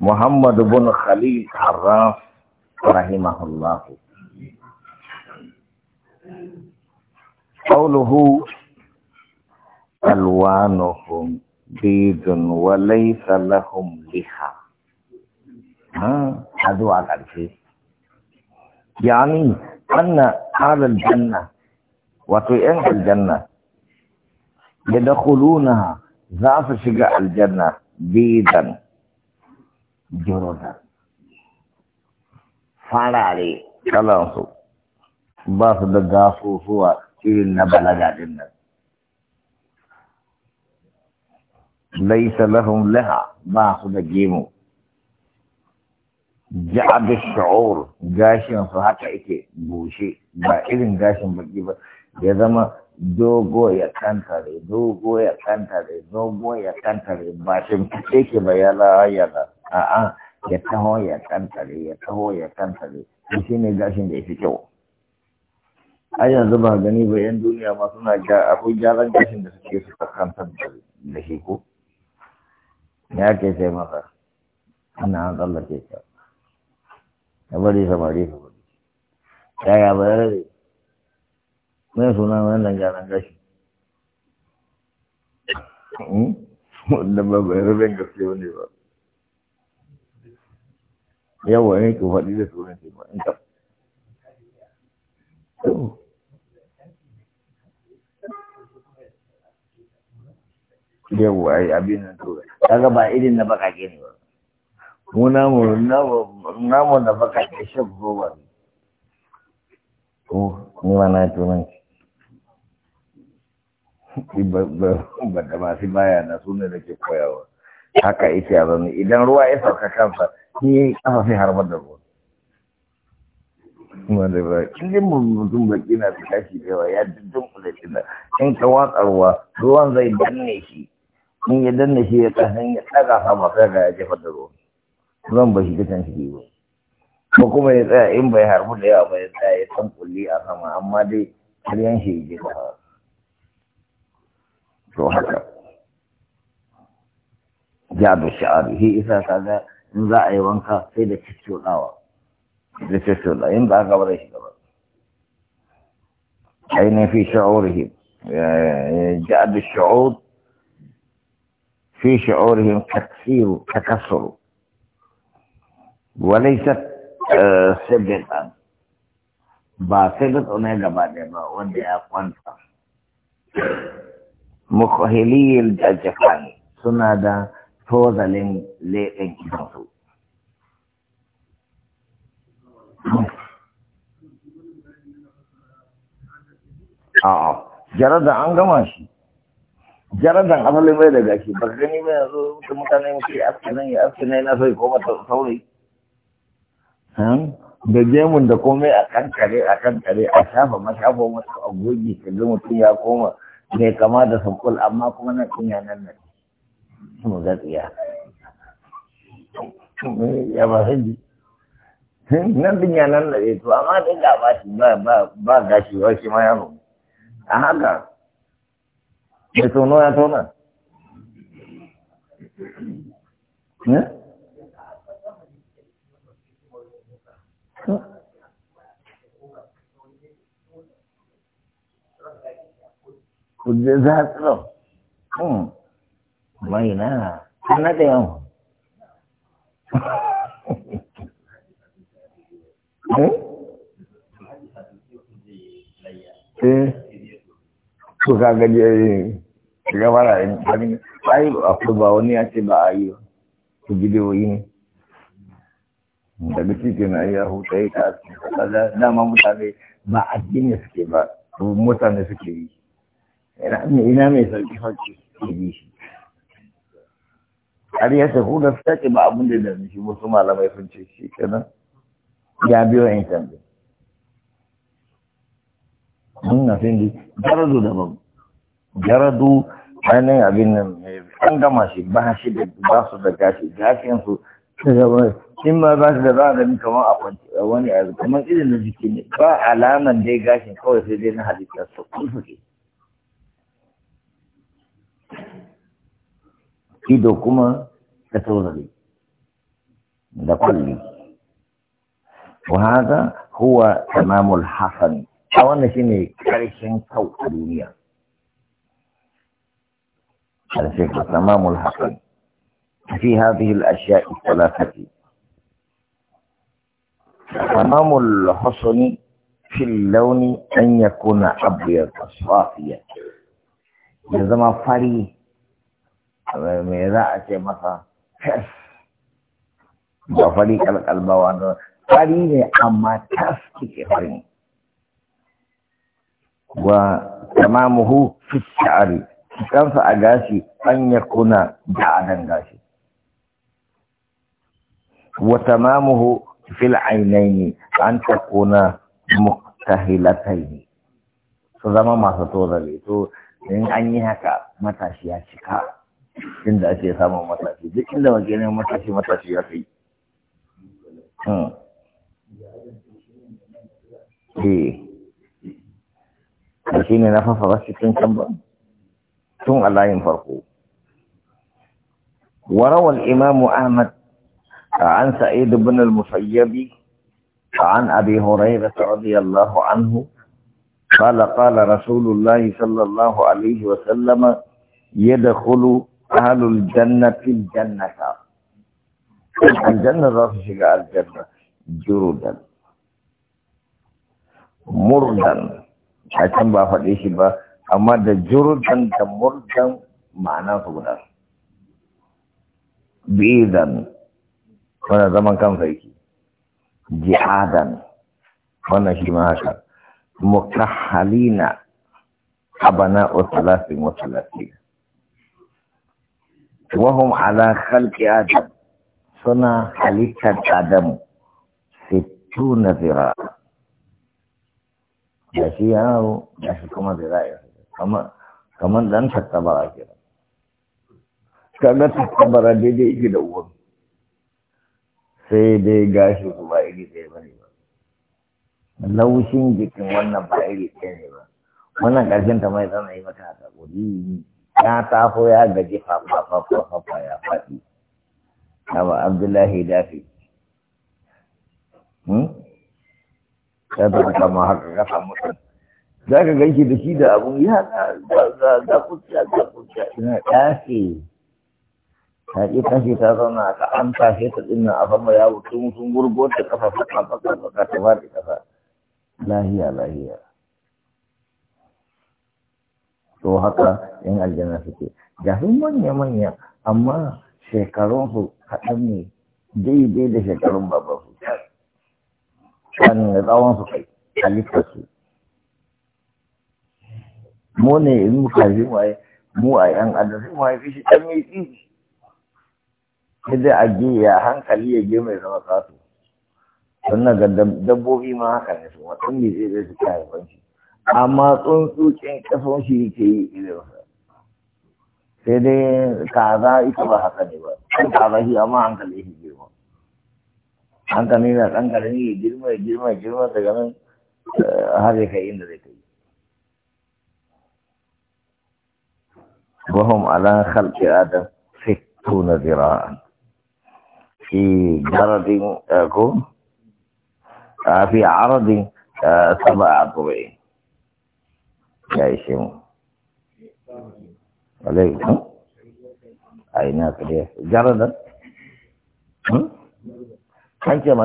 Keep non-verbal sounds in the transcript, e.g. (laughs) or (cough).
محمد بن خليل حراف رحمه الله قوله ألوانهم بيض وليس لهم لحى هذا على الشيء يعني أن أهل الجنة وطيئن الجنة يدخلونها ذات شجاع الجنة بيضا جرونا فارا لي كلام سو باس دغا فو فو تيرنا بلا جادنا ليس لهم لها باس دجيمو جاء بالشعور جاشن فهاتا ايكي بوشي با ايرن جاشن بجيبا يزما dogo ya kantare dogo ya kantare dogo ya kantare ba shi kike bayana ayana a'a ya taho ya kantare ya taho ya kantare shi ne gashin da ya fi kyau a yanzu ba gani ba yan duniya ma suna ga akwai gyaran gashin da suke suka kantar da shi ko ya ke sai masa ana an tsallake ta ya bari samari su bari ya ya bayar da mai suna wannan gyaran gashi da hmm? ba bayar da gaske wani ba yawa ne ki faɗi da ke ba in ka yawa ai abin nan to kaga ba irin na ke ne ba mu namu na bakake shaf roba ne ko ni ma na turanci ba da masu baya na suna da ke koyawa haka yake a zama idan ruwa ya sauka kansa ni kafa sai harbar da ruwa kuma da ba kin mutum baki na da tashi da yawa ya dindin kula da in ka watsa ruwa ruwan zai danne shi in ya danne shi ya tsahin ya tsaga sama sai ga ya jefa da ruwa zan ba shi kasan can shi ba ko kuma ya tsaya in bai harbu da yawa ba ya tsaya ya san kulli a sama amma dai har yanshi ya je to haka جاب الشعار هي إذا كذا إن ذا أي في لتشتو الأوى لتشتو الأوى إن بقى قبل حين في شعورهم جاء بالشعور في شعورهم تكسير تكسر وليست آه، سبقا باسبق انه قبل ما ودي أقوانتا مخهلي الجفاني سنة tozalin leɓen idansu. A'a, jaradan an gama shi. Jaradan asalin bai daga shi, ba gani mai yanzu mutum mutane mutu ya aski nan ya aski nan yana so ya koma saurayi. Hmm? Da gemun da komai a kare a kare a shafa mashafo masu agogi, ka ga mutum ya koma mai kama da sankul amma kuma na kunya nan nan. mu ga tsiya ya ba sai nan din ya nan da to amma dai ga ba shi ba ba gashi wa shi ma yaro a haka ya tono ya tona ne hm? ku je za a tsiron mai na na da yawan eh ko gaji shiga mara yin ba wani ya ce ba a yi ku bidiyoyi ne daga cikin na ya huta ya ta kaga dama mutane ba addini suke ba mutane suke ina mai sauki sauki ke har ya tafi ta ce ba abin da ya shi wasu malamai sun ce shi kenan ya biyo in tambi na fin ji jaradu daban jaradu ainihin abin nan an gama shi ba shi da ba su da gashi gashin su in ma ba su da za a gani kamar a kwanci a wani a kamar irin na jiki ne ba alaman dai gashin kawai sai dai na halitta su kun suke ido kuma كتوزني ده وهذا هو تمام الحسن اوانا شيني كريشن كو الدنيا هذا شيخ تمام الحسن في هذه الاشياء الثلاثة تمام الحسن في اللون ان يكون ابيض صافيا ما فري ميرا اتي مثلا (laughs) ba fari kalkalbawa da fari ne amma tas kike fari wa tamamuhu fi sha'ari kansa a gashi an ya kuna da adan gashi wa tamamuhu fil ainaini an ta kuna muktahilatai su zama masu tozare to in an yi haka matashi ya cika inda ake samun matashi duk inda wake ne matashi matashi ya kai eh da shi ne na fafa cikin can ba tun a layin farko warawar imamu ahmad عن سعيد بن المسيب عن أبي هريرة رضي الله عنه قال قال رسول الله صلى الله عليه وسلم يدخل أهل الجنة في الجنة الجنة رفش الجنة جرودا مردا حتم بافت إيشي با أما دا جرودا دا مردا معنى فقدا بيدا فانا زمان كان فيكي جهادا فانا شي ما مكحلين أبناء الثلاثين والثلاثين wahum ala khalqi adam suna halittar adam na zira da shi yaro da shi kuma zira kamar kamar dan tattabara kenan kaga tattabara daidai yake da uwan sai dai gashi ku ba iri ɗaya ba ne ba laushin jikin wannan ba iri ɗaya ne ba wannan ƙarshen ta mai yi mata a tsakuri Na taho ya gaji fafafafafa ya faɗi Aba Abdullahi Dafi. Sai ta fi kama haka ka samu sun. Za ka ganshi da shi da abun ya za kuciya za kuciya ina tashi. Ta ƙi tashi ta zauna ka an shi ta dinnan a fama ya wuce sun gurgo ta kafa faka faka faka ta faɗi Lahiya lahiya. to haka yan aljanna suke ga manya-manya amma shekarun su kaɗan ne daidai da shekarun babansu kan da tsawon su kai halittar su mu ne in muka yi waye mu a yan adam sai mu shi ɗan mai tsiri sai a ya hankali ya je mai zama kasu sannan ga dabbobi ma haka ne su watan mai zai zai su kayan banki amma tsuntsucin ƙasan shi ke yi irinsa sai dai kaza ita ba haka ne ba kan kaza shi amma hankali shi girma hankali na ɗan ƙarami ya girma ya girma ya girma daga nan eh, har ya kai inda zai kai ala على خلق آدم ستون ذراعا في جرد في عرض سبعة ضبعين ya ishe mu alaikum hmm? a ina ka jaradar? jaradan Kan hmm? ce ma